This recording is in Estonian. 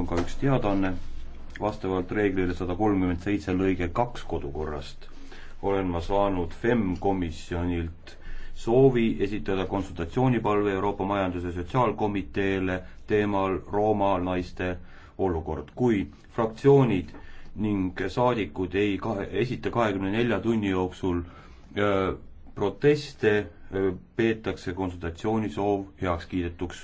on ka üks teadaanne. vastavalt reeglile sada kolmkümmend seitse lõige kaks kodukorrast olen ma saanud FEM komisjonilt soovi esitada konsultatsioonipalve Euroopa Majandus- ja Sotsiaalkomiteele teemal Rooma naiste olukord. kui fraktsioonid ning saadikud ei kahe, esita kahekümne nelja tunni jooksul öö, proteste, peetakse konsultatsioonisoov heaks kiidetuks.